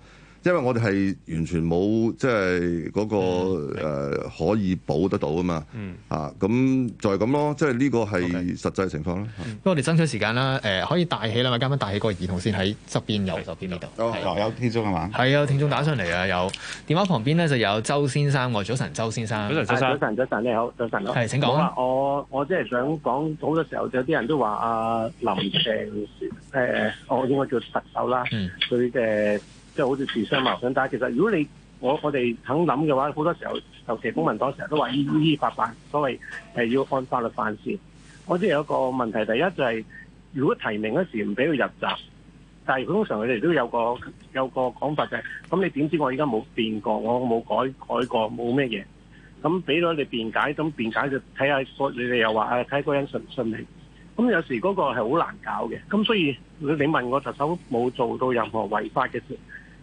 E: 因為我哋係完全冇即係嗰個、嗯呃、可以補得到啊嘛，嗯、啊咁就係咁咯，即係呢個係實際情況啦。不過
B: Okay. 是我哋爭取時間啦，誒、呃、可以大起啦，嘛。啱啱大起個兒童線喺側邊右手邊呢度。有，有聽眾係嘛？係有聽眾打上嚟啊！有電話旁邊咧就有周先生喎，早晨，周先生。早晨，早晨，
F: 早晨上上，你好，早晨。係，請講。我我即係想講早嘅時候，有啲人都話阿、啊、林鄭誒、呃，我應該叫特首啦，佢嘅、嗯。即係好似自相矛盾，但係其實如果你我我哋肯諗嘅話，好多時候尤其公民黨成日都話依依法法，所謂要按法律辦事。我知有一個問題，第一就係如果提名嗰時唔俾佢入閘，但係通常佢哋都有個有個講法就係，咁你點知我依家冇變過，我冇改改過，冇咩嘢。咁俾咗你辯解，咁辯解就睇下你哋又話啊，睇個人信唔信你。咁有時嗰個係好難搞嘅。咁所以你問我，特首冇做到任何違法嘅事。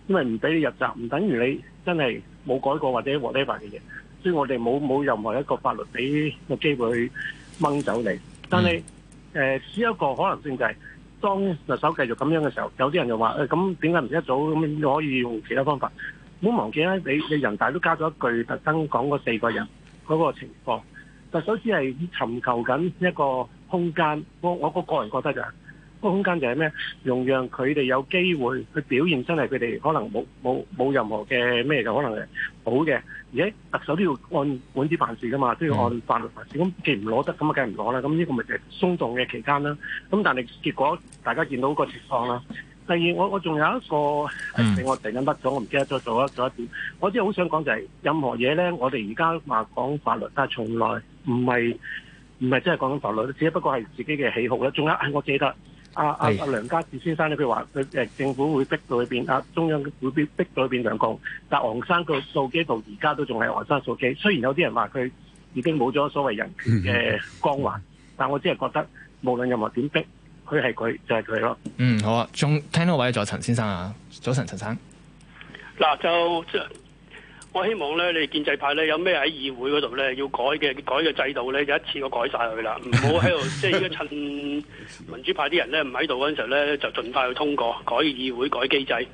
F: 因為唔俾你入閘，唔等於你真係冇改過或者 whatever 嘅嘢，所以我哋冇冇任何一個法律俾個機會去掹走你。但係誒，只一個可能性就係當特首繼續咁樣嘅時候，有啲人就話誒，咁點解唔一早咁可以用其他方法？唔好忘記啦，你你人大都加咗一句特登講嗰四個人嗰個情況，特首只係尋求緊一個空間。我我個個人覺得就。個空間就係咩？容讓佢哋有機會去表現，真係佢哋可能冇冇冇任何嘅咩嘅可能係好嘅。而、哎、且特首都要按本子辦事噶嘛，都要按法律辦事。咁既然唔攞得，咁啊梗係唔攞啦。咁呢個咪就係鬆動嘅期間啦。咁但係結果大家見到個情況啦。第二我，我我仲有一個俾我突然間甩咗，我唔記得再做一做，做一點。我真係好想講就係、是、任何嘢咧，我哋而家話講法律，但係從來唔係唔係真係講緊法律，只不過係自己嘅喜好啦。仲有我記得。阿阿阿梁家傑先生咧,佢話佢政府會逼到裏邊,啊中央會逼到裏邊兩個但昂山素姬度而家都仲係昂山素姬,雖然有啲人話佢已經冇咗所謂人權嘅光環, 但我只係覺得無論
A: 任何點逼,佢係佢就係、是、佢咯。嗯,
B: 好啊,仲聽到位就係陳先生啊,早晨,陳生。
A: 嗱、啊、就即我希望咧，你建制派咧有咩喺議會嗰度咧要改嘅改嘅制度咧，就一次過改晒佢啦，唔好喺度即係而家趁民主派啲人咧唔喺度嗰陣時咧，就盡快去通過改議會改機制。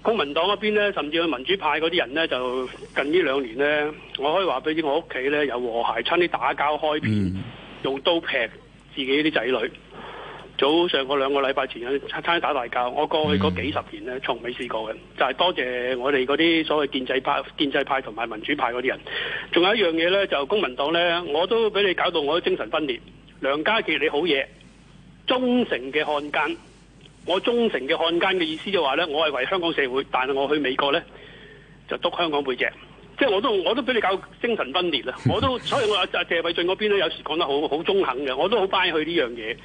A: 公民黨嗰邊咧，甚至去民主派嗰啲人咧，就近呢兩年咧，我可以話俾啲我屋企咧有和諧，差啲打交開片，用刀劈自己啲仔女。早上嗰兩個禮拜前喺餐廳打大交，我過去嗰幾十年咧，從未試過嘅，就係、是、多謝我哋嗰啲所謂建制派、建制派同埋民主派嗰啲人。仲有一樣嘢呢，就公民黨呢，我都俾你搞到我都精神分裂。梁家傑，你好嘢，忠誠嘅漢奸。我忠誠嘅漢奸嘅意思就話呢，我係為香港社會，但係我去美國呢，就篤香港背脊，即係我都我都俾你搞精神分裂啦。我都， 我都所以我阿謝偉俊嗰邊咧，有時講得好好中肯嘅，我都好 buy 佢呢樣嘢。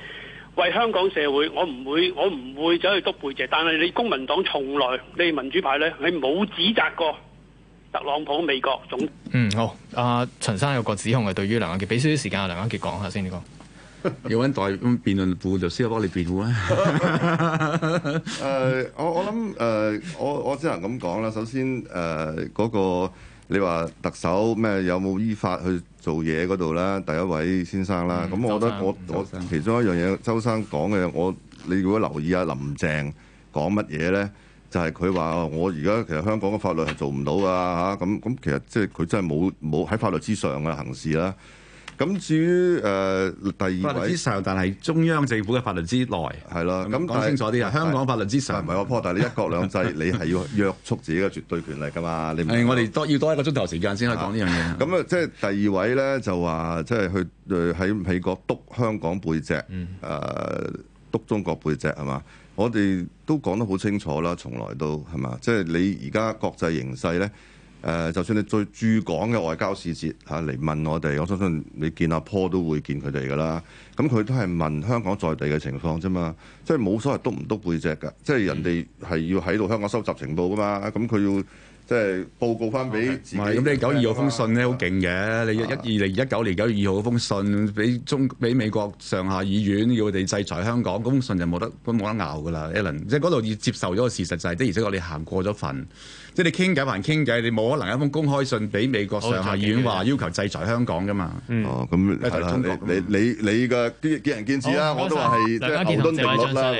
A: 為香港社會，我唔會，我唔會走去篤背脊。但係你公民黨從來，你民主派咧，你冇指責過特朗普美國總。
B: 嗯，好，阿、呃、陳生有個指控係對於梁家傑，俾少少時間阿梁家傑講下先、這個。你
D: 講 要揾代
E: 辯論部律師幫你辯護咧？誒、 呃，我我諗誒，我、呃、我，我只能咁講啦。首先誒，嗰、呃那個。你話特首咩有冇依法去做嘢嗰度咧？第一位先生啦，咁我覺得我我其中一樣嘢，周生講嘅我，你如果留意下林鄭講乜嘢咧，就係佢話我而家其實香港嘅法律係做唔到㗎吓，咁、啊、咁其實即係佢真係冇冇喺法律之上嘅行事啦。咁至於誒、呃、第二位法律之上，但係中央政府嘅法律之內係囉。咁講的那清楚啲啊，是香港法律之上唔係我破，但係一國兩制， 你係要約束自己嘅絕對權力噶嘛？你唔係、哎、我哋
D: 多要多一個鐘頭時，時間先可以講呢的
E: 樣嘢。咁啊、嗯，即係第二位咧就話，即係去誒喺美國督香港背脊，督、嗯呃、中國背脊係嘛？我哋都講得好清楚啦，從來都係嘛。即係你而家國際形勢咧。誒、呃，就算你最駐港嘅外交使節嚇嚟、啊、問我哋，我相信你見阿、啊、Paul 都會見佢哋㗎啦。咁佢都係問香港在地嘅情況啫嘛，即係冇所謂督唔督背脊㗎，即係人哋係要喺度香港收集情報㗎嘛，咁佢要。即係報告翻俾唔係，咁你九二號封信
D: 咧好勁嘅，你一一二零一九年九月二號嗰封信，俾中俾美國上下議院要我哋制裁香港，嗰封信就冇得冇得拗噶啦，Alan，即係嗰度要接受咗個事實，就係的而且確你行過咗份，即係你傾偈還傾偈，你冇可能有一封公開信俾美國上下議院話
E: 要求制裁香港噶嘛。哦，咁係啦，你你你你嘅見見仁見智啦，我都話係即係矛盾定律啦。